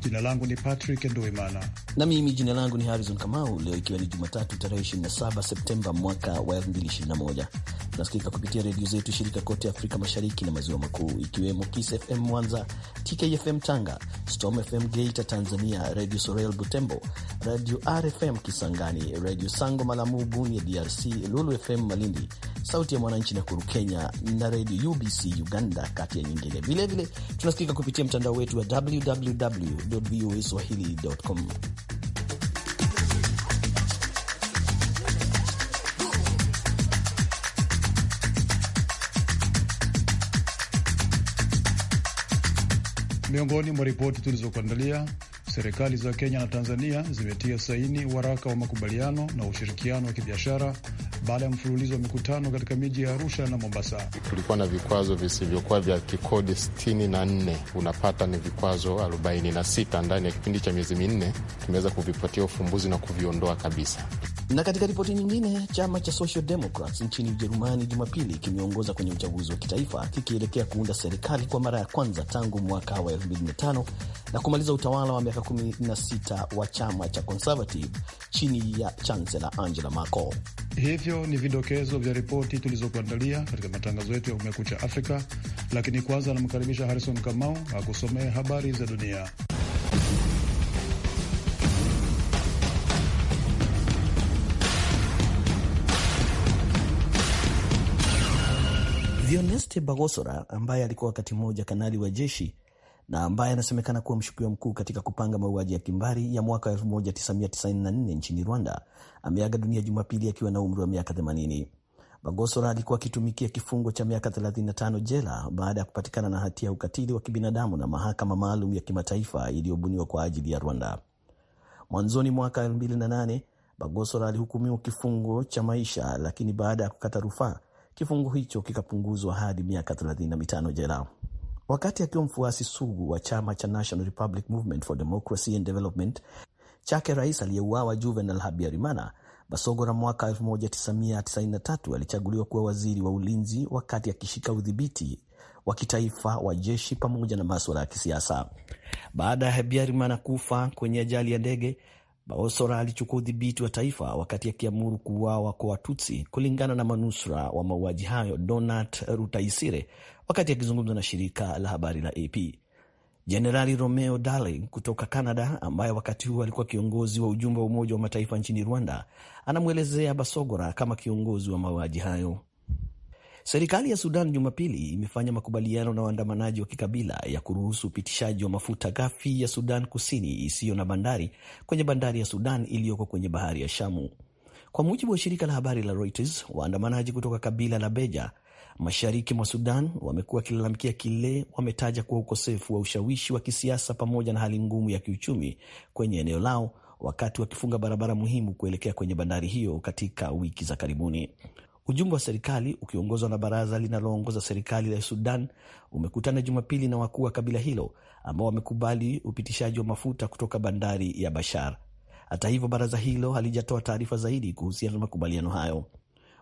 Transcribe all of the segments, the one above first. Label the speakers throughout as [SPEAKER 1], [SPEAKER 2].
[SPEAKER 1] Jina langu ni Patrick Nduimana.
[SPEAKER 2] Na mimi jina langu ni Harrison Kamau. Leo ikiwa ni Jumatatu tarehe 27 Septemba mwaka wa 2021, tunasikika kupitia redio zetu shirika kote Afrika Mashariki na Maziwa Makuu, ikiwemo Kiss FM Mwanza, TKFM Tanga, Storm FM Geita Tanzania, Radio Sorel Butembo, Radio RFM Kisangani, Radio Sango Malamu Bunia DRC, Lulu FM Malindi Sauti ya Mwananchi na Kuru Kenya na redio UBC Uganda, kati ya nyingine. Vilevile tunasikika kupitia mtandao wetu wa www voa swahili.com.
[SPEAKER 1] Miongoni mwa ripoti tulizokuandalia, serikali za Kenya na Tanzania zimetia saini waraka wa makubaliano na ushirikiano wa kibiashara baada ya mfululizo wa mikutano katika miji ya Arusha na Mombasa.
[SPEAKER 3] Kulikuwa na vikwazo visivyokuwa vya kikodi 64 unapata ni vikwazo 46 ndani ya kipindi cha miezi minne tumeweza kuvipatia ufumbuzi na kuviondoa kabisa.
[SPEAKER 2] Na katika ripoti nyingine, chama cha Social Democrats nchini Ujerumani Jumapili kimeongoza kwenye uchaguzi wa kitaifa kikielekea kuunda serikali kwa mara ya kwanza tangu mwaka wa 2005 na kumaliza utawala wa miaka 16 wa chama cha Conservative chini ya Chancellor Angela Merkel.
[SPEAKER 1] Hivyo ni vidokezo vya ripoti tulizokuandalia katika matangazo yetu ya Kumekucha Afrika, lakini kwanza anamkaribisha Harrison Kamau akusomee habari za dunia.
[SPEAKER 2] Vioneste Bagosora ambaye alikuwa wakati mmoja kanali wa jeshi na ambaye anasemekana kuwa mshukiwa mkuu katika kupanga mauaji ya kimbari ya mwaka 1994 nchini Rwanda ameaga dunia Jumapili akiwa na umri wa miaka 80. Bagosora alikuwa akitumikia kifungo cha miaka 35 jela baada ya kupatikana na hatia ya ukatili wa kibinadamu na mahakama maalum ya kimataifa iliyobuniwa kwa ajili ya Rwanda. Mwanzoni mwaka 2008 Bagosora alihukumiwa kifungo cha maisha, lakini baada ya kukata rufaa kifungo hicho kikapunguzwa hadi miaka 35 jela wakati akiwa mfuasi sugu wa chama cha National Republic Movement for Democracy and Development chake rais aliyeuawa Juvenal Habyarimana. Basogora mwaka 1993 alichaguliwa kuwa waziri wa ulinzi wakati akishika udhibiti wa kitaifa wa jeshi pamoja na maswala ya kisiasa. Baada ya Habyarimana kufa kwenye ajali ya ndege, baosora alichukua udhibiti wa taifa wakati akiamuru kuuawa kwa Watutsi kulingana na manusura wa mauaji hayo Donat Rutaisire Wakati akizungumza na shirika la habari la AP, Jenerali Romeo Dallaire kutoka Canada, ambaye wakati huo alikuwa kiongozi wa ujumbe wa Umoja wa Mataifa nchini Rwanda, anamwelezea Basogora kama kiongozi wa mauaji hayo. Serikali ya Sudan Jumapili imefanya makubaliano na waandamanaji wa kikabila ya kuruhusu upitishaji wa mafuta ghafi ya Sudan Kusini isiyo na bandari kwenye bandari ya Sudan iliyoko kwenye bahari ya Shamu. Kwa mujibu wa shirika la habari la Reuters, waandamanaji kutoka kabila la Beja mashariki mwa Sudan wamekuwa wakilalamikia kile wametaja kuwa ukosefu wa ushawishi wa kisiasa pamoja na hali ngumu ya kiuchumi kwenye eneo lao, wakati wakifunga barabara muhimu kuelekea kwenye bandari hiyo katika wiki za karibuni. Ujumbe wa serikali ukiongozwa na baraza linaloongoza serikali la Sudan umekutana Jumapili na wakuu wa kabila hilo ambao wamekubali upitishaji wa mafuta kutoka bandari ya Bashar. Hata hivyo, baraza hilo halijatoa taarifa zaidi kuhusiana na makubaliano hayo.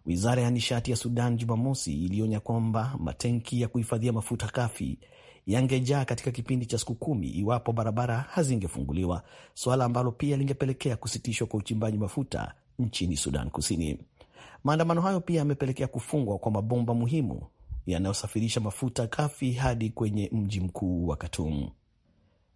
[SPEAKER 2] Wizara ya nishati ya Sudan Jumamosi ilionya kwamba matenki ya kuhifadhia mafuta kafi yangejaa katika kipindi cha siku kumi iwapo barabara hazingefunguliwa, suala ambalo pia lingepelekea kusitishwa kwa uchimbaji mafuta nchini Sudan Kusini. Maandamano hayo pia yamepelekea kufungwa kwa mabomba muhimu yanayosafirisha mafuta kafi hadi kwenye mji mkuu wa Khartoum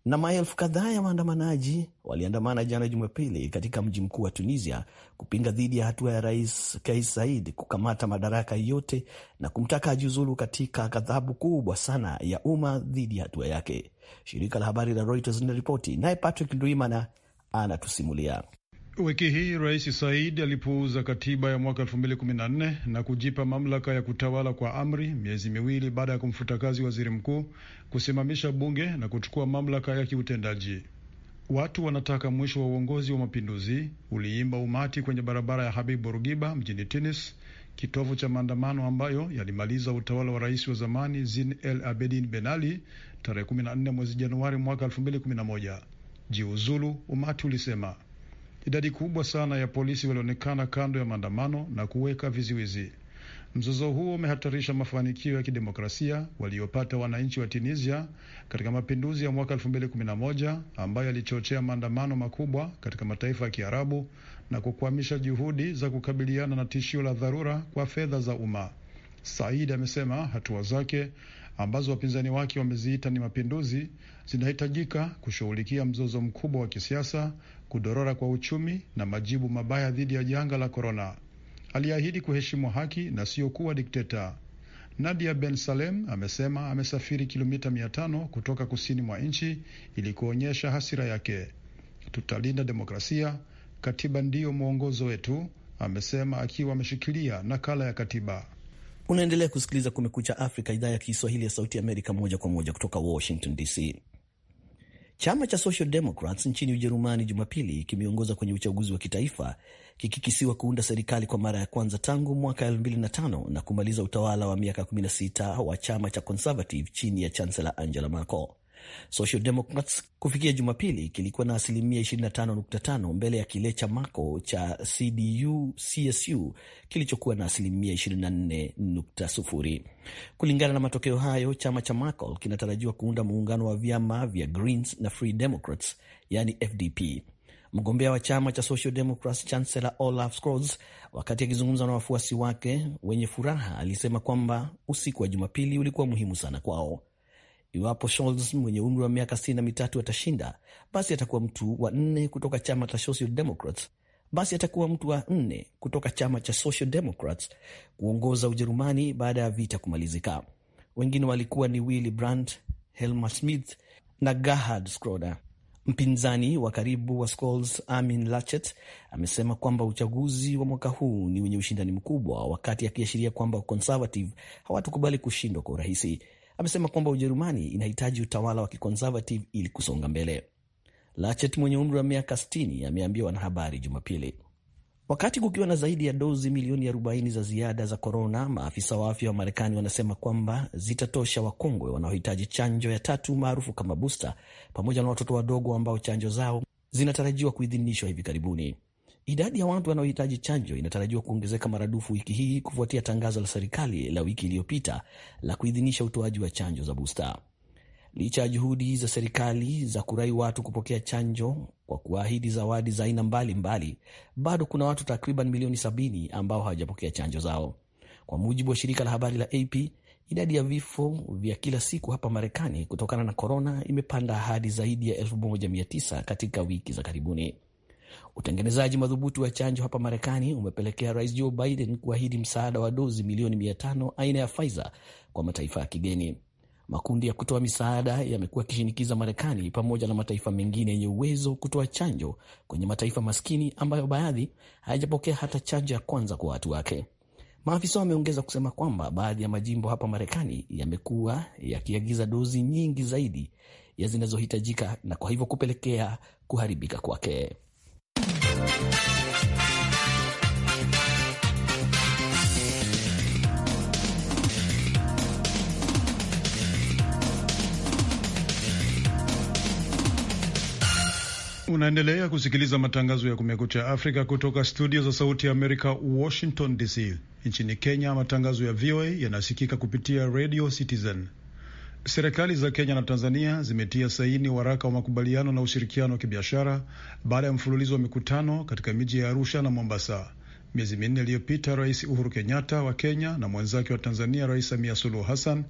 [SPEAKER 2] na maelfu kadhaa ya waandamanaji waliandamana jana Jumapili katika mji mkuu wa Tunisia kupinga dhidi ya hatua ya rais Kais Said kukamata madaraka yote na kumtaka ajiuzulu katika ghadhabu kubwa sana ya umma dhidi ya hatua yake, shirika la habari la Reuters linaripoti. Naye Patrick Ndwimana anatusimulia.
[SPEAKER 1] Wiki hii Rais Said alipuuza katiba ya mwaka 2014 na kujipa mamlaka ya kutawala kwa amri, miezi miwili baada ya kumfuta kazi waziri mkuu, kusimamisha bunge na kuchukua mamlaka ya kiutendaji. Watu wanataka mwisho wa uongozi wa mapinduzi, uliimba umati kwenye barabara ya Habib Bourguiba mjini Tunis, kitovu cha maandamano ambayo yalimaliza utawala wa rais wa zamani zin El Abedin Ben Ali tarehe 14 mwezi Januari mwaka 2011. Jiuzulu, umati ulisema. Idadi kubwa sana ya polisi walionekana kando ya maandamano na kuweka viziwizi Mzozo huo umehatarisha mafanikio ya kidemokrasia waliopata wananchi wa Tunisia katika mapinduzi ya mwaka 2011 ambayo yalichochea maandamano makubwa katika mataifa ya Kiarabu na kukwamisha juhudi za kukabiliana na tishio la dharura kwa fedha za umma. Said amesema hatua zake ambazo wapinzani wake wameziita ni mapinduzi zinahitajika kushughulikia mzozo mkubwa wa kisiasa, kudorora kwa uchumi na majibu mabaya dhidi ya janga la korona. Aliahidi kuheshimu haki na sio kuwa dikteta. Nadia Ben Salem amesema amesafiri kilomita mia tano kutoka kusini mwa nchi ili kuonyesha hasira yake. Tutalinda demokrasia, katiba ndiyo mwongozo wetu, amesema akiwa ameshikilia nakala ya katiba. Unaendelea kusikiliza Kumekucha Afrika, idhaa ya Kiswahili ya Sauti Amerika,
[SPEAKER 2] moja kwa moja kutoka Washington DC. Chama cha Social Democrats nchini Ujerumani Jumapili kimeongoza kwenye uchaguzi wa kitaifa kikikisiwa kuunda serikali kwa mara ya kwanza tangu mwaka 2005 na kumaliza utawala wa miaka 16 wa chama cha Conservative chini ya Chancellor Angela Merkel. Social Democrats kufikia Jumapili kilikuwa na asilimia 25.5 mbele ya kile cha mako cha CDU CSU kilichokuwa na asilimia 24.0. Kulingana na matokeo hayo, chama cha mako kinatarajiwa kuunda muungano wa vyama vya Greens na Free Democrats, yani FDP. Mgombea wa chama cha Social Democrats Chancellor Olaf Scholz, wakati akizungumza na wafuasi wake wenye furaha, alisema kwamba usiku wa Jumapili ulikuwa muhimu sana kwao. Iwapo Scholz mwenye umri wa miaka sitini na mitatu atashinda, basi atakuwa mtu wa nne kutoka chama cha Social Democrats, basi atakuwa mtu wa nne kutoka chama cha Social Democrats kuongoza Ujerumani baada ya vita kumalizika. Wengine walikuwa ni Willy Brandt, Helmut Schmidt na Gerhard Schroder. Mpinzani wa karibu wa Scholz, Armin Laschet, amesema kwamba uchaguzi wa mwaka huu ni wenye ushindani mkubwa, wakati akiashiria kwamba Conservative hawatukubali kushindwa kwa urahisi amesema kwamba Ujerumani inahitaji utawala wa kiconservative ili kusonga mbele. Lachet mwenye umri wa miaka 60 ameambia wanahabari Jumapili. Wakati kukiwa na zaidi ya dozi milioni 40 za ziada za korona, maafisa wa afya wa Marekani wanasema kwamba zitatosha wakongwe wanaohitaji chanjo ya tatu maarufu kama busta, pamoja na watoto wadogo ambao chanjo zao zinatarajiwa kuidhinishwa hivi karibuni. Idadi ya watu wanaohitaji chanjo inatarajiwa kuongezeka maradufu wiki hii kufuatia tangazo la serikali la wiki iliyopita la kuidhinisha utoaji wa chanjo za busta. Licha ya juhudi za serikali za kurai watu kupokea chanjo kwa kuahidi zawadi za aina mbalimbali, bado kuna watu takriban milioni sabini ambao hawajapokea chanjo zao, kwa mujibu wa shirika la habari la AP. Idadi ya vifo vya kila siku hapa Marekani kutokana na korona imepanda hadi zaidi ya 1900 katika wiki za karibuni. Utengenezaji madhubuti wa chanjo hapa Marekani umepelekea Rais Joe Biden kuahidi msaada wa dozi milioni mia tano aina ya Pfizer kwa mataifa ya kigeni. Makundi ya kutoa misaada yamekuwa yakishinikiza Marekani pamoja na mataifa mengine yenye uwezo kutoa chanjo kwenye mataifa maskini ambayo baadhi hayajapokea hata chanjo ya kwanza kwa watu wake. Maafisa wameongeza kusema kwamba baadhi ya majimbo hapa Marekani yamekuwa yakiagiza dozi nyingi zaidi ya zinazohitajika na kwa hivyo kupelekea kuharibika kwake.
[SPEAKER 1] Unaendelea kusikiliza matangazo ya Kumekucha Afrika kutoka studio za Sauti ya Amerika, Washington DC. Nchini Kenya, matangazo ya VOA yanasikika kupitia Radio Citizen. Serikali za Kenya na Tanzania zimetia saini waraka wa makubaliano na ushirikiano wa kibiashara baada ya mfululizo wa mikutano katika miji ya Arusha na Mombasa. Miezi minne iliyopita, Rais Uhuru Kenyatta wa Kenya na mwenzake wa Tanzania Rais Samia Suluhu Hassan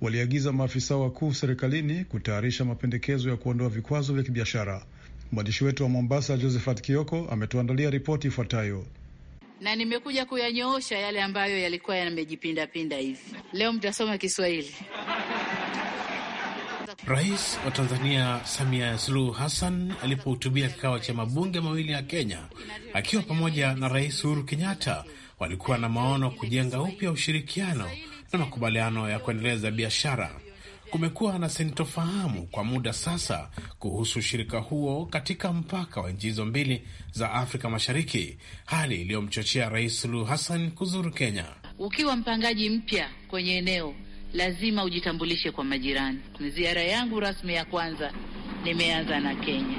[SPEAKER 1] waliagiza maafisa wakuu serikalini kutayarisha mapendekezo ya kuondoa vikwazo vya kibiashara. Mwandishi wetu wa Mombasa Josephat Kioko ametuandalia ripoti ifuatayo
[SPEAKER 4] na nimekuja kuyanyoosha yale ambayo yalikuwa yamejipindapinda hivi. Leo mtasoma Kiswahili
[SPEAKER 3] Rais wa Tanzania Samia Suluhu Hassan alipohutubia kikao cha mabunge mawili ya Kenya akiwa pamoja na Rais Uhuru Kenyatta walikuwa na maono kujenga upya ushirikiano na makubaliano ya kuendeleza biashara. Kumekuwa na sintofahamu kwa muda sasa kuhusu ushirika huo katika mpaka wa nchi hizo mbili za Afrika Mashariki, hali iliyomchochea Rais Suluhu Hassan kuzuru Kenya.
[SPEAKER 4] Ukiwa mpangaji mpya kwenye eneo lazima ujitambulishe kwa majirani. Ziara yangu rasmi ya kwanza nimeanza na Kenya.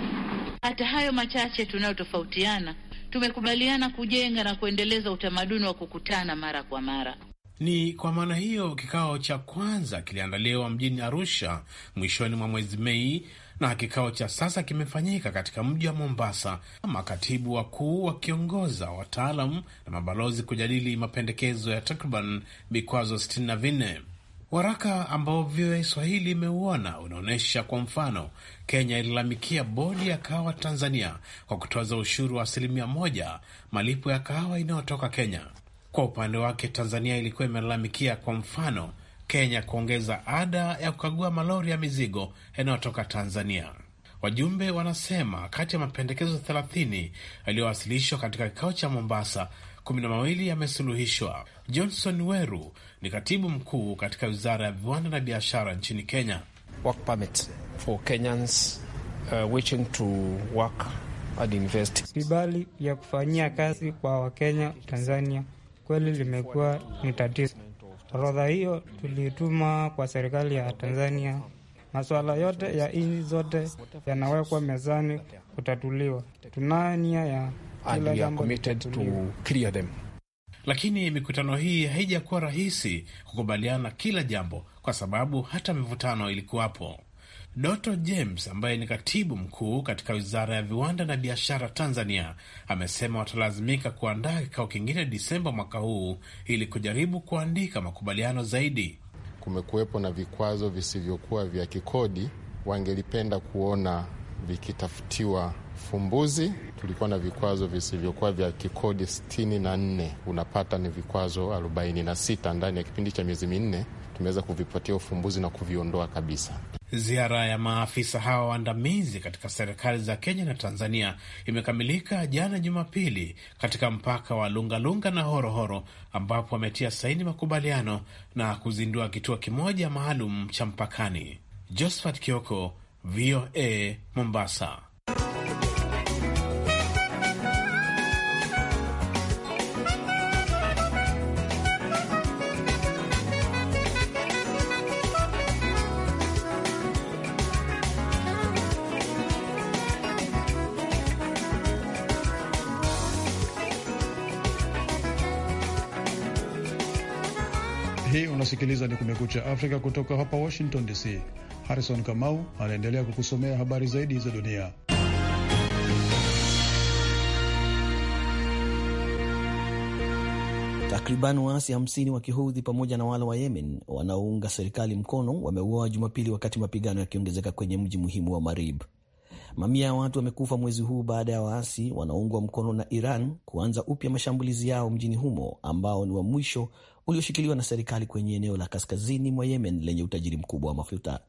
[SPEAKER 4] Hata hayo machache tunayotofautiana, tumekubaliana kujenga na kuendeleza utamaduni wa kukutana mara kwa mara.
[SPEAKER 3] Ni kwa maana hiyo kikao cha kwanza kiliandaliwa mjini Arusha mwishoni mwa mwezi Mei na kikao cha sasa kimefanyika katika mji wa Mombasa, makatibu wakuu wakiongoza wataalam na mabalozi kujadili mapendekezo ya takriban vikwazo sitini na vinne Waraka ambao VOA Swahili imeuona unaonyesha kwa mfano, Kenya ililalamikia bodi ya kahawa Tanzania kwa kutoza ushuru wa asilimia moja malipo ya kahawa inayotoka Kenya. Kwa upande wake, Tanzania ilikuwa imelalamikia kwa mfano, Kenya kuongeza ada ya kukagua malori ya mizigo yanayotoka Tanzania. Wajumbe wanasema kati ya mapendekezo 30 yaliyowasilishwa katika kikao cha Mombasa, kumi na mawili yamesuluhishwa. Johnson Weru ni katibu mkuu katika wizara ya viwanda na biashara nchini Kenya. Work for Kenyans, uh, wishing to work
[SPEAKER 5] and invest.
[SPEAKER 3] Vibali vya kufanyia kazi kwa Wakenya Tanzania kweli limekuwa ni tatizo. Orodha hiyo tulituma kwa serikali ya Tanzania. Masuala yote ya nchi zote yanawekwa mezani kutatuliwa. Tunayo nia ya kila jambo lakini mikutano hii haijakuwa rahisi kukubaliana kila jambo, kwa sababu hata mivutano ilikuwapo. Dr. James ambaye ni katibu mkuu katika wizara ya viwanda na biashara Tanzania amesema watalazimika kuandaa kikao kingine Disemba mwaka huu ili kujaribu kuandika makubaliano zaidi. Kumekuwepo na vikwazo visivyokuwa vya kikodi, wangelipenda kuona vikitafutiwa ufumbuzi. Tulikuwa na vikwazo visivyokuwa vya kikodi 64 unapata ni vikwazo 46 ndani ya kipindi cha miezi minne tumeweza kuvipatia ufumbuzi na kuviondoa kabisa. Ziara ya maafisa hawa waandamizi katika serikali za Kenya na Tanzania imekamilika jana Jumapili katika mpaka wa Lungalunga na Horohoro, ambapo wametia saini makubaliano na kuzindua kituo kimoja maalum cha mpakani. Josephat Kioko, VOA, Mombasa.
[SPEAKER 1] kusikiliza ni Kumekucha Afrika kutoka hapa Washington DC. Harrison Kamau anaendelea kukusomea habari zaidi za dunia.
[SPEAKER 2] Takriban waasi 50 wa kihudhi pamoja na wale wa Yemen wanaounga serikali mkono wameuawa Jumapili wakati mapigano yakiongezeka kwenye mji muhimu wa Marib. Mamia ya watu wamekufa mwezi huu baada ya waasi wanaoungwa mkono na Iran kuanza upya mashambulizi yao mjini humo ambao ni wa mwisho ulioshikiliwa na serikali kwenye eneo la kaskazini mwa Yemen lenye utajiri mkubwa wa mafuta.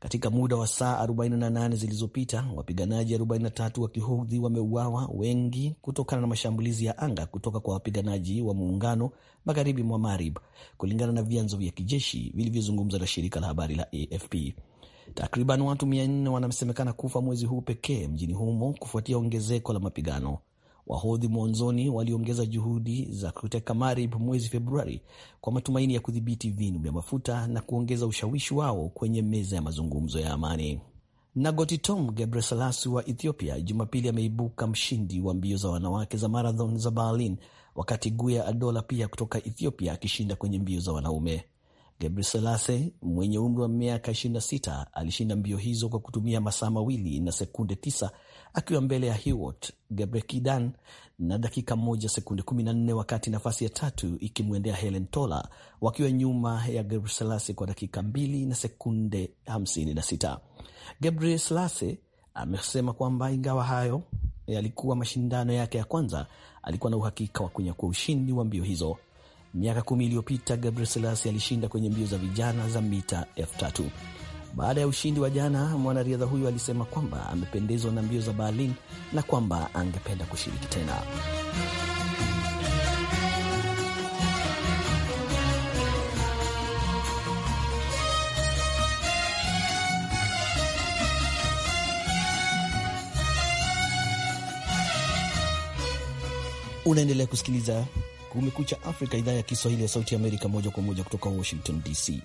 [SPEAKER 2] Katika muda wa saa 48 zilizopita wapiganaji 43 wa kihudhi wameuawa, wengi kutokana na mashambulizi ya anga kutoka kwa wapiganaji wa muungano magharibi mwa Marib, kulingana na vyanzo vya kijeshi vilivyozungumza na shirika la habari la AFP. Takriban watu 400 wanasemekana kufa mwezi huu pekee mjini humo kufuatia ongezeko la mapigano. Wahodhi mwanzoni waliongeza juhudi za kuteka Marib mwezi Februari kwa matumaini ya kudhibiti vinu vya mafuta na kuongeza ushawishi wao kwenye meza ya mazungumzo ya amani. Na Goitom Gebreselassie wa Ethiopia Jumapili ameibuka mshindi wa mbio za wanawake za marathon za Berlin, wakati Guya Adola pia kutoka Ethiopia akishinda kwenye mbio za wanaume. Gebreselassie mwenye umri wa miaka 26 alishinda mbio hizo kwa kutumia masaa mawili na sekunde 9 akiwa mbele ya Hiwot Gebrekidan na dakika moja sekunde nne wakati nafasi ya tatu ikimwendea Helen Tola wakiwa nyuma ya Gebre Selase kwa dakika mbili na sekunde 56. Gebre Selase amesema kwamba ingawa hayo yalikuwa mashindano yake ya kwanza, alikuwa na uhakika wa kunyakua ushindi wa mbio hizo. Miaka kumi iliyopita Gebre alishinda kwenye mbio za vijana za mita elfu tatu. Baada ya ushindi wa jana, mwanariadha huyo alisema kwamba amependezwa na mbio za Berlin na kwamba angependa kushiriki tena. Unaendelea kusikiliza Kumekucha Afrika, idhaa ya Kiswahili ya Sauti ya Amerika, moja kwa moja kutoka Washington DC.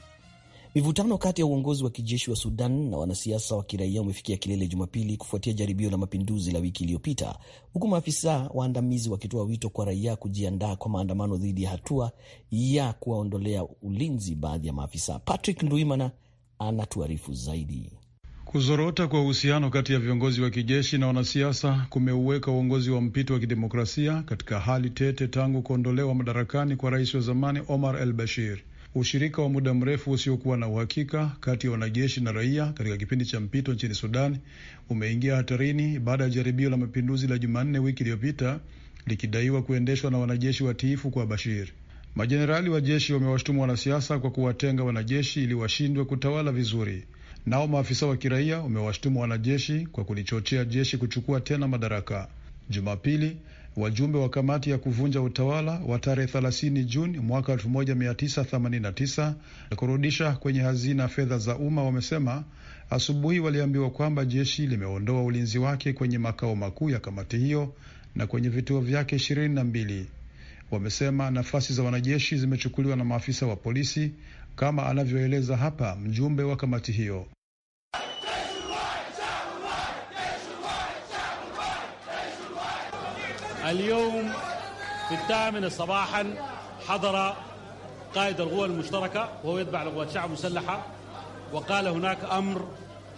[SPEAKER 2] Mivutano kati ya uongozi wa kijeshi wa Sudan na wanasiasa wa kiraia umefikia kilele Jumapili kufuatia jaribio la mapinduzi la wiki iliyopita, huku maafisa waandamizi wakitoa wito kwa raia kujiandaa kwa maandamano dhidi ya hatua ya kuwaondolea ulinzi baadhi ya maafisa. Patrick Nduimana anatuarifu zaidi.
[SPEAKER 1] Kuzorota kwa uhusiano kati ya viongozi wa kijeshi na wanasiasa kumeuweka uongozi wa mpito wa kidemokrasia katika hali tete tangu kuondolewa madarakani kwa rais wa zamani Omar al Bashir ushirika wa muda mrefu usiokuwa na uhakika kati ya wanajeshi na raia katika kipindi cha mpito nchini Sudan umeingia hatarini baada ya jaribio la mapinduzi la Jumanne wiki iliyopita likidaiwa kuendeshwa na wanajeshi watiifu kwa Bashir. Majenerali wa jeshi wamewashutumu wanasiasa kwa kuwatenga wanajeshi ili washindwe kutawala vizuri. Nao maafisa wa kiraia wamewashutumu wanajeshi kwa kulichochea jeshi kuchukua tena madaraka. Jumapili Wajumbe wa kamati ya kuvunja utawala wa tarehe 30 Juni mwaka 1989 na kurudisha kwenye hazina fedha za umma wamesema asubuhi waliambiwa kwamba jeshi limeondoa ulinzi wake kwenye makao makuu ya kamati hiyo na kwenye vituo vyake ishirini na mbili. Wamesema nafasi za wanajeshi zimechukuliwa na maafisa wa polisi, kama anavyoeleza hapa mjumbe wa kamati hiyo.
[SPEAKER 5] اليوم في الثامنة صباحا حضر قائد القوى المشتركة وهو يتبع لقوات شعب مسلحة وقال هناك أمر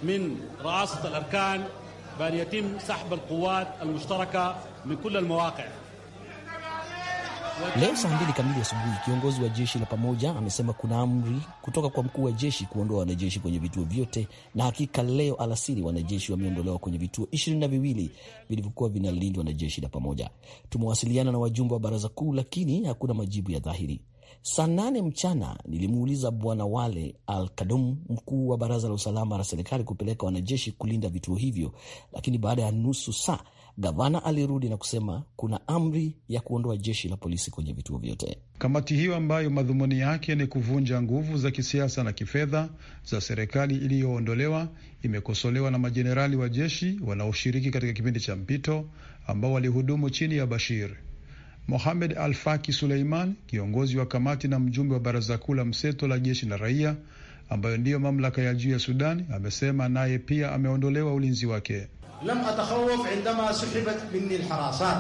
[SPEAKER 5] من رئاسة الأركان بأن يتم سحب القوات المشتركة من كل المواقع
[SPEAKER 2] Leo saa mbili kamili asubuhi, kiongozi wa jeshi la pamoja amesema kuna amri kutoka kwa mkuu wa jeshi kuondoa wanajeshi kwenye vituo vyote, na hakika leo alasiri wanajeshi wameondolewa kwenye vituo ishirini na viwili vilivyokuwa vinalindwa na jeshi la pamoja. Tumewasiliana na wajumbe wa baraza kuu, lakini hakuna majibu ya dhahiri. Saa nane mchana nilimuuliza Bwana Wale Al Kadum, mkuu wa baraza la usalama la serikali, kupeleka wanajeshi kulinda vituo hivyo, lakini baada ya nusu saa
[SPEAKER 1] Gavana alirudi na kusema kuna amri ya kuondoa jeshi la polisi kwenye vituo vyote. Kamati hiyo ambayo madhumuni yake ni kuvunja nguvu za kisiasa na kifedha za serikali iliyoondolewa imekosolewa na majenerali wa jeshi wanaoshiriki katika kipindi cha mpito ambao walihudumu chini ya Bashir. Mohamed Al-Faki Suleiman, kiongozi wa kamati na mjumbe wa baraza kuu la mseto la jeshi na raia, ambayo ndiyo mamlaka ya juu ya sudani amesema naye pia ameondolewa ulinzi wake lam atakhawaf indama suhibat minni alharasat,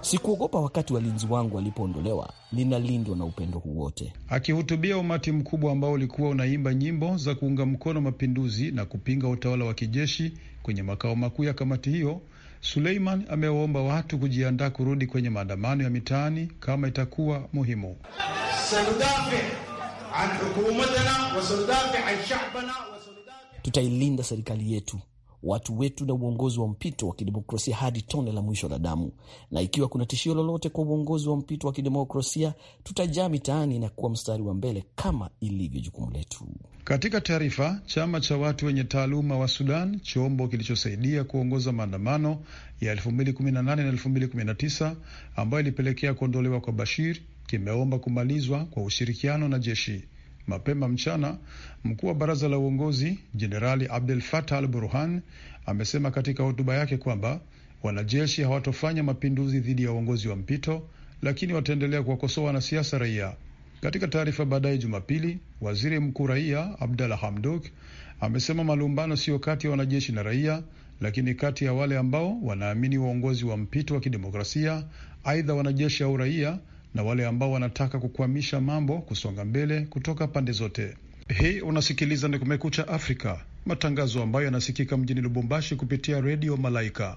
[SPEAKER 1] sikuogopa wakati walinzi wangu walipoondolewa. Linalindwa na upendo huu wote. Akihutubia umati mkubwa ambao ulikuwa unaimba nyimbo za kuunga mkono mapinduzi na kupinga utawala wa kijeshi kwenye makao makuu ya kamati hiyo, Suleiman amewaomba watu kujiandaa kurudi kwenye maandamano ya mitaani kama itakuwa muhimu.
[SPEAKER 2] Tutailinda serikali yetu watu wetu na uongozi wa mpito wa kidemokrasia hadi tone la mwisho la damu, na ikiwa kuna tishio lolote kwa uongozi wa mpito wa kidemokrasia,
[SPEAKER 1] tutajaa mitaani na kuwa mstari wa mbele kama ilivyo jukumu letu. Katika taarifa, chama cha watu wenye taaluma wa Sudan, chombo kilichosaidia kuongoza maandamano ya 2018 na 2019 ambayo ilipelekea kuondolewa kwa Bashir, kimeomba kumalizwa kwa ushirikiano na jeshi. Mapema mchana, mkuu wa baraza la uongozi Jenerali Abdel Fattah al Burhan amesema katika hotuba yake kwamba wanajeshi hawatofanya mapinduzi dhidi ya uongozi wa mpito, lakini wataendelea kuwakosoa wanasiasa raia. Katika taarifa baadaye Jumapili, waziri mkuu raia Abdalla Hamdok amesema malumbano siyo kati ya wanajeshi na raia, lakini kati ya wale ambao wanaamini uongozi wa mpito wa kidemokrasia, aidha wanajeshi au raia, na wale ambao wanataka kukwamisha mambo kusonga mbele kutoka pande zote. Hii unasikiliza ni Kumekucha Afrika, matangazo ambayo yanasikika mjini Lubumbashi kupitia Redio Malaika.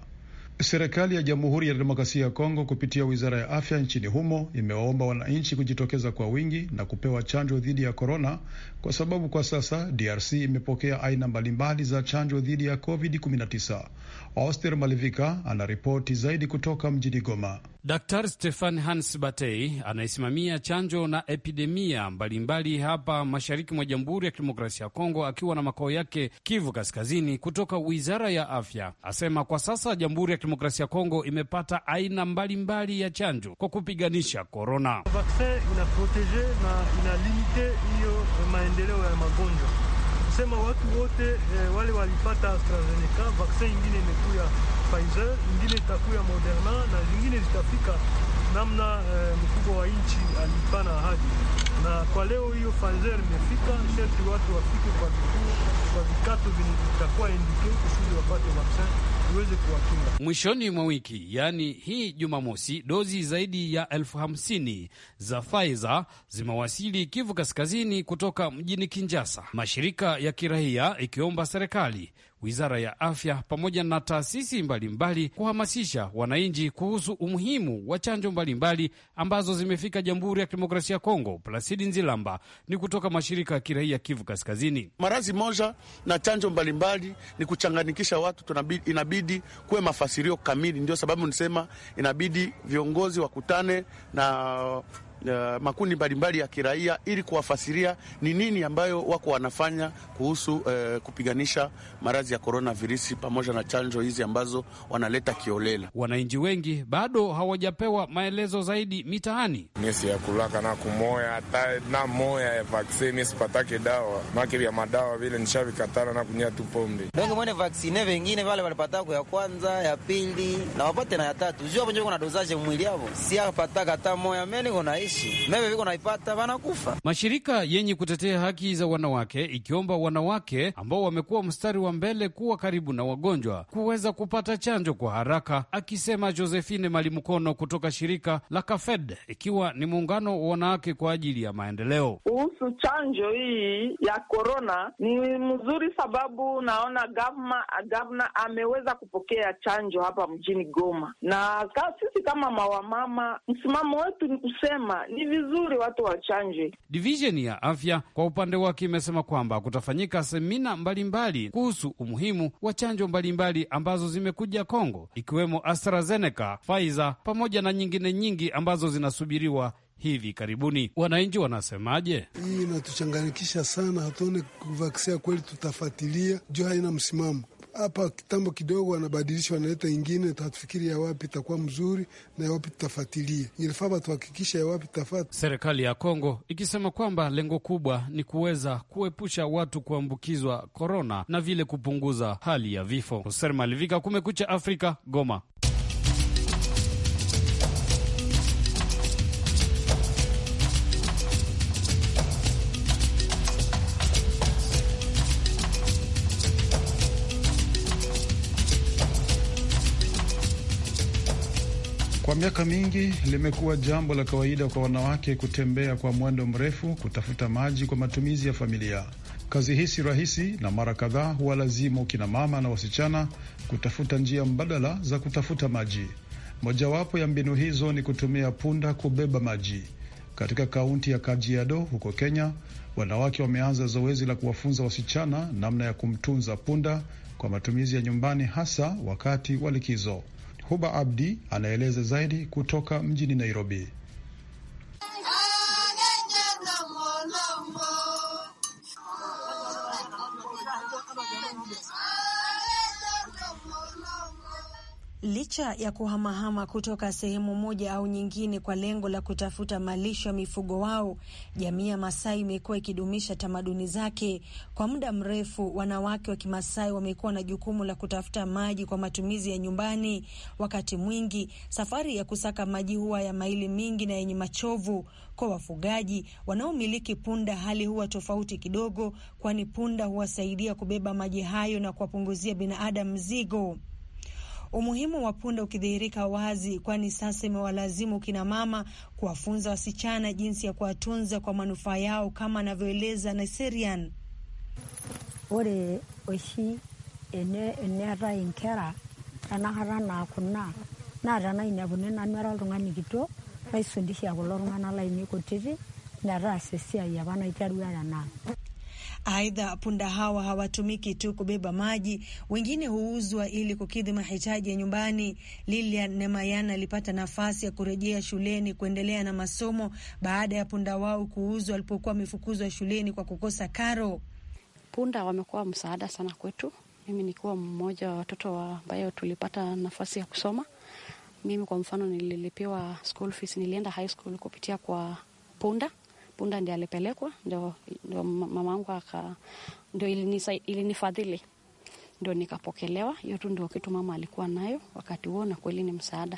[SPEAKER 1] Serikali ya Jamhuri ya Demokrasia ya Kongo kupitia wizara ya afya nchini humo imewaomba wananchi kujitokeza kwa wingi na kupewa chanjo dhidi ya korona, kwa sababu kwa sasa DRC imepokea aina mbalimbali za chanjo dhidi ya COVID-19. Oster Malivika anaripoti zaidi kutoka mjini Goma.
[SPEAKER 5] Daktari Stefan Hans Batei anayesimamia chanjo na epidemia mbalimbali mbali hapa mashariki mwa Jamhuri ya Kidemokrasia ya Kongo, akiwa na makao yake Kivu Kaskazini, kutoka Wizara ya Afya asema kwa sasa Jamhuri ya Kidemokrasia ya Kongo imepata aina mbalimbali mbali ya chanjo kwa kupiganisha korona.
[SPEAKER 3] Vaksin
[SPEAKER 1] inaprotege na inalimite hiyo maendeleo ya magonjwa kusema watu wote eh, wale walipata AstraZeneca, vaccine ingine imekuya Pfizer, ingine itakuya Moderna na zingine zitafika namna e, mkubwa wa nchi alipana ahadi, na kwa leo hiyo fanzer imefika, sherti watu wafike kwa vituo kwa vikatu vyenye vitakuwa indike kusudi wapate vaksin iweze kuwakinga.
[SPEAKER 5] Mwishoni mwa wiki, yaani hii Jumamosi, dozi zaidi ya elfu hamsini za Pfizer zimewasili Kivu Kaskazini kutoka mjini Kinjasa, mashirika ya kiraia ikiomba serikali wizara ya afya pamoja na taasisi mbalimbali kuhamasisha wananchi kuhusu umuhimu wa chanjo mbalimbali ambazo zimefika Jamhuri ya Kidemokrasia
[SPEAKER 3] ya Kongo. Plasidi Nzilamba ni kutoka mashirika ya kiraia Kivu Kaskazini. Marazi moja na chanjo mbalimbali ni kuchanganikisha watu, tunabidi, inabidi kuwe mafasirio kamili. Ndio sababu nisema inabidi viongozi wakutane na uh, makundi mbalimbali ya kiraia ili kuwafasiria ni nini ambayo wako wanafanya kuhusu uh, kupiganisha maradhi ya korona virusi pamoja na chanjo hizi ambazo wanaleta kiolela.
[SPEAKER 5] Wananchi wengi bado hawajapewa maelezo zaidi mitaani.
[SPEAKER 3] nisiyakulaka na kumoya hata na moya ya vaksini sipatake dawa makili ya madawa vile nishavikatana na kunywa tu pombe
[SPEAKER 1] bengi mwene vaksine vengine vale valipatako ya kwanza ya pili na wapate na ya tatu juu hapo njo kuna dozaje mwili yavo siapataka hata moya meni kuna wanaishi meme viko naipata wanakufa.
[SPEAKER 5] Mashirika yenye kutetea haki za wanawake ikiomba wanawake ambao wamekuwa mstari wa mbele kuwa karibu na wagonjwa kuweza kupata chanjo kwa haraka, akisema Josephine Malimukono kutoka shirika la Kafed, ikiwa ni muungano wa wanawake kwa ajili ya maendeleo.
[SPEAKER 2] Kuhusu chanjo hii ya korona ni mzuri,
[SPEAKER 4] sababu naona gavana gavana ameweza kupokea chanjo hapa mjini Goma, na sisi kama mawamama, msimamo wetu ni kusema ni vizuri
[SPEAKER 5] watu wachanje Divisheni ya afya kwa upande wake imesema kwamba kutafanyika semina mbalimbali kuhusu umuhimu wa chanjo mbalimbali ambazo zimekuja Kongo, ikiwemo AstraZeneca, Pfizer pamoja na nyingine nyingi ambazo zinasubiriwa hivi karibuni. Wananchi wanasemaje?
[SPEAKER 1] Hii inatuchanganikisha sana, hatuone kuvaksia kweli, tutafatilia juu haina msimamo hapa kitambo kidogo wanabadilisha, wanaleta ingine, tutafikiri ya wapi itakuwa mzuri na ya wapi tutafatilie. Ilifaa batuhakikisha ya wapi tutafata.
[SPEAKER 3] Serikali
[SPEAKER 5] ya Kongo ikisema kwamba lengo kubwa ni kuweza kuepusha watu kuambukizwa korona na vile kupunguza hali ya vifo. Hoser Malivika, Kumekucha Afrika, Goma.
[SPEAKER 1] miaka mingi limekuwa jambo la kawaida kwa wanawake kutembea kwa mwendo mrefu kutafuta maji kwa matumizi ya familia. Kazi hii si rahisi na mara kadhaa huwalazimu kina mama na wasichana kutafuta njia mbadala za kutafuta maji. Mojawapo ya mbinu hizo ni kutumia punda kubeba maji. Katika kaunti ya Kajiado huko Kenya, wanawake wameanza zoezi la kuwafunza wasichana namna ya kumtunza punda kwa matumizi ya nyumbani, hasa wakati wa likizo. Huba Abdi anaeleza zaidi kutoka mjini Nairobi.
[SPEAKER 4] Licha ya kuhamahama kutoka sehemu moja au nyingine kwa lengo la kutafuta malisho ya mifugo wao, jamii ya Masai imekuwa ikidumisha tamaduni zake kwa muda mrefu. Wanawake wa Kimasai wamekuwa na jukumu la kutafuta maji kwa matumizi ya nyumbani. Wakati mwingi safari ya kusaka maji huwa ya maili mingi na yenye machovu. Kwa wafugaji wanaomiliki punda, hali huwa tofauti kidogo, kwani punda huwasaidia kubeba maji hayo na kuwapunguzia binadamu mzigo. Umuhimu wa punda ukidhihirika wazi, kwani sasa imewalazimu kina mama kuwafunza wasichana jinsi ya kuwatunza kwa, manufaa yao kama anavyoeleza Naserian. Ore oshi eneetai inkera tanakata naa kuna naa tenainepuni nanu era oltung'ani kito naisundisha kulo tung'anak lainei kutiti metaasa esiai apa naiterua tenaa Aidha, punda hawa hawatumiki tu kubeba maji, wengine huuzwa ili kukidhi mahitaji ya nyumbani. Lilian Nemayana alipata nafasi ya kurejea shuleni kuendelea na masomo baada ya punda wao kuuzwa alipokuwa wamefukuzwa shuleni kwa kukosa karo. Punda wamekuwa msaada sana kwetu. Mimi nikiwa mmoja wa watoto ambayo tulipata nafasi ya kusoma. Mimi kwa mfano nililipiwa school fees, nilienda high school kupitia kwa punda punda ndi alipelekwa, ndio mama angu aka ndio ilinifadhili, ndio nikapokelewa. Hiyo tu ndio kitu mama alikuwa nayo wakati huo, na kweli ni msaada.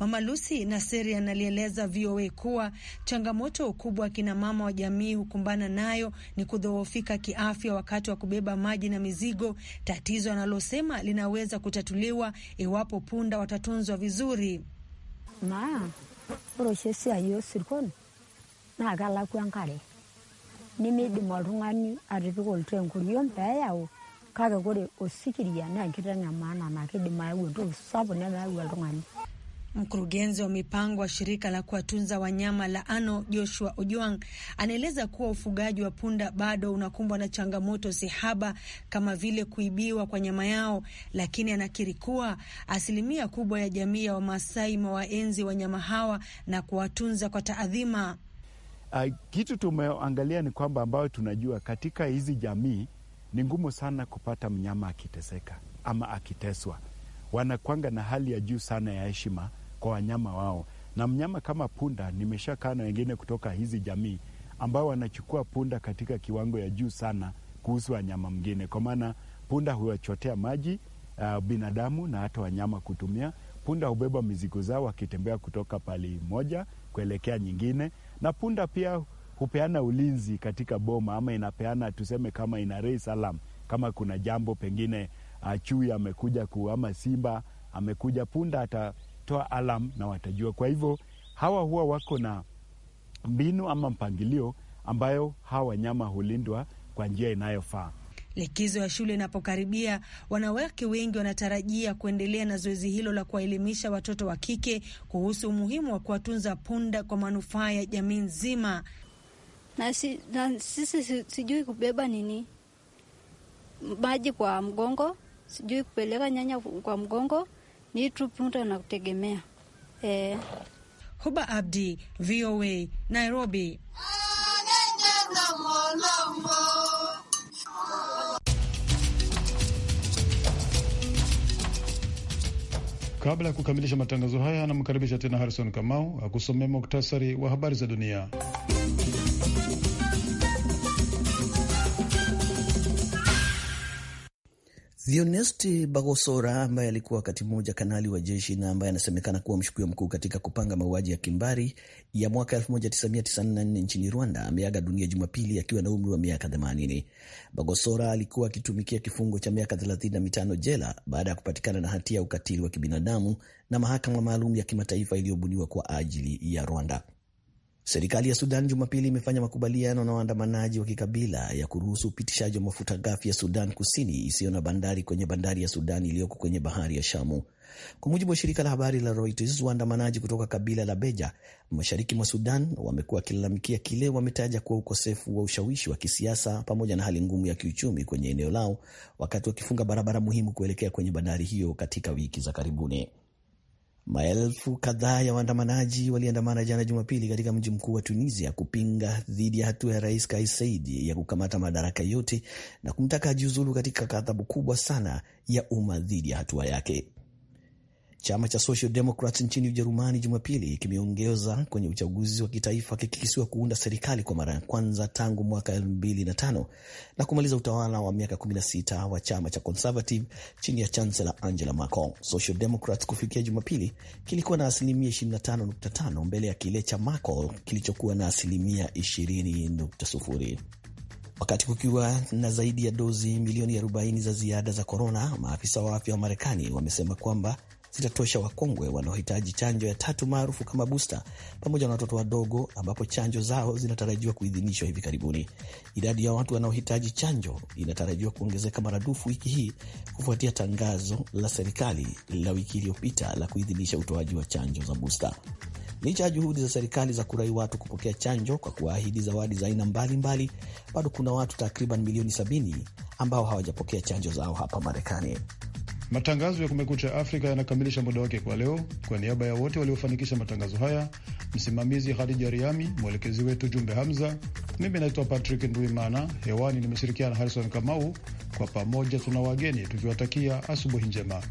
[SPEAKER 4] Mama Lucy Naseri analieleza VOA kuwa changamoto kubwa kina mama wa jamii hukumbana nayo ni kudhoofika kiafya wakati wa kubeba maji na mizigo, tatizo analosema linaweza kutatuliwa iwapo punda watatunzwa vizuri. Ma, naa kelakwa enkare nimidim mm. oltung'ani atipika oltoo enkoriong' peeyau kake ore osikiria naa enkiteng' maana naa kidim ayau entoki sapuk nemeyau oltung'ani. Mkurugenzi wa mipango wa shirika la kuwatunza wanyama la ANO Joshua Ojuang anaeleza kuwa ufugaji wa punda bado unakumbwa na changamoto sihaba kama vile kuibiwa kwa nyama yao, lakini anakiri kuwa asilimia kubwa ya jamii ya wamasai imewaenzi wanyama hawa na kuwatunza kwa taadhima.
[SPEAKER 1] Uh, kitu tumeangalia ni kwamba ambayo tunajua katika hizi jamii ni ngumu
[SPEAKER 3] sana kupata mnyama akiteseka ama akiteswa. Wanakwanga na hali ya juu sana
[SPEAKER 1] ya heshima kwa wanyama wao, na mnyama kama punda, nimeshakaa na wengine kutoka hizi jamii ambao wanachukua punda katika kiwango ya juu sana kuhusu wanyama mwingine, kwa maana punda huwachotea maji uh, binadamu na hata wanyama kutumia. Punda hubeba mizigo zao wakitembea kutoka pali moja kuelekea nyingine na punda pia hupeana ulinzi katika boma, ama inapeana tuseme, kama ina raise alarm, kama kuna jambo pengine ah, chui amekuja ku ama simba amekuja, punda atatoa alarm na watajua. Kwa hivyo hawa huwa wako na mbinu
[SPEAKER 3] ama mpangilio ambayo hawa wanyama hulindwa kwa njia inayofaa.
[SPEAKER 4] Likizo ya shule inapokaribia, wanawake wengi wanatarajia kuendelea na zoezi hilo la kuwaelimisha watoto wa kike kuhusu umuhimu wa kuwatunza punda kwa manufaa ya jamii nzima. Na, si, na sisi sijui kubeba nini maji kwa mgongo, sijui kupeleka nyanya kwa mgongo, ni tu punda
[SPEAKER 5] na kutegemea e.
[SPEAKER 4] Huba Abdi, VOA, Nairobi.
[SPEAKER 1] Kabla ya kukamilisha matangazo haya, anamkaribisha tena Harrison Kamau akusomea muktasari wa habari za dunia.
[SPEAKER 2] Vionesti Bagosora ambaye alikuwa wakati mmoja kanali wa jeshi na ambaye anasemekana kuwa mshukiwa mkuu katika kupanga mauaji ya kimbari ya mwaka 1994 nchini Rwanda ameaga dunia Jumapili akiwa na umri wa miaka 80. Bagosora alikuwa akitumikia kifungo cha miaka 35 jela baada ya kupatikana na hatia ya ukatili wa kibinadamu na mahakama maalum ya kimataifa iliyobuniwa kwa ajili ya Rwanda. Serikali ya Sudan Jumapili imefanya makubaliano na waandamanaji wa kikabila ya kuruhusu upitishaji wa mafuta ghafi ya Sudan Kusini isiyo na bandari kwenye bandari ya Sudan iliyoko kwenye bahari ya Shamu. Kwa mujibu wa shirika la habari la Reuters, waandamanaji kutoka kabila la Beja mashariki mwa Sudan wamekuwa wakilalamikia kile wametaja kuwa ukosefu wa ushawishi wa kisiasa pamoja na hali ngumu ya kiuchumi kwenye eneo lao, wakati wakifunga barabara muhimu kuelekea kwenye bandari hiyo katika wiki za karibuni. Maelfu kadhaa ya waandamanaji waliandamana jana Jumapili katika mji mkuu wa Tunisia kupinga dhidi ya hatua ya rais Kais Saied ya kukamata madaraka yote na kumtaka ajiuzulu katika ghadhabu kubwa sana ya umma dhidi ya hatua yake. Chama cha Social Democrats nchini Ujerumani Jumapili kimeongeza kwenye uchaguzi wa kitaifa kikikisiwa kuunda serikali kwa mara ya kwanza tangu mwaka 2005 na kumaliza utawala wa miaka 16 wa chama cha Conservative chini ya chancela Angela Merkel. Social Democrats kufikia Jumapili kilikuwa na asilimia 25.5 mbele ya kile cha Merkel kilichokuwa na asilimia 20.0. Wakati kukiwa na zaidi ya dozi milioni 40 za ziada za korona, maafisa wa afya wa Marekani wamesema kwamba zitatosha wakongwe wanaohitaji chanjo ya tatu maarufu kama busta pamoja na watoto wadogo, ambapo chanjo zao zinatarajiwa kuidhinishwa hivi karibuni. Idadi ya watu wanaohitaji chanjo inatarajiwa kuongezeka maradufu wiki hii kufuatia tangazo la serikali la wiki iliyopita la kuidhinisha utoaji wa chanjo za busta. Licha ya juhudi za serikali za kurai watu kupokea chanjo kwa kuwaahidi zawadi za aina mbalimbali, bado kuna watu takriban milioni sabini ambao hawajapokea chanjo zao hapa Marekani.
[SPEAKER 1] Matangazo ya Kumekucha Afrika yanakamilisha muda wake kwa leo. Kwa niaba ya wote waliofanikisha matangazo haya, msimamizi Hadija Riami, mwelekezi wetu Jumbe Hamza, mimi naitwa Patrick Nduimana, hewani nimeshirikiana Harison Kamau. Kwa pamoja tuna wageni tukiwatakia asubuhi njema.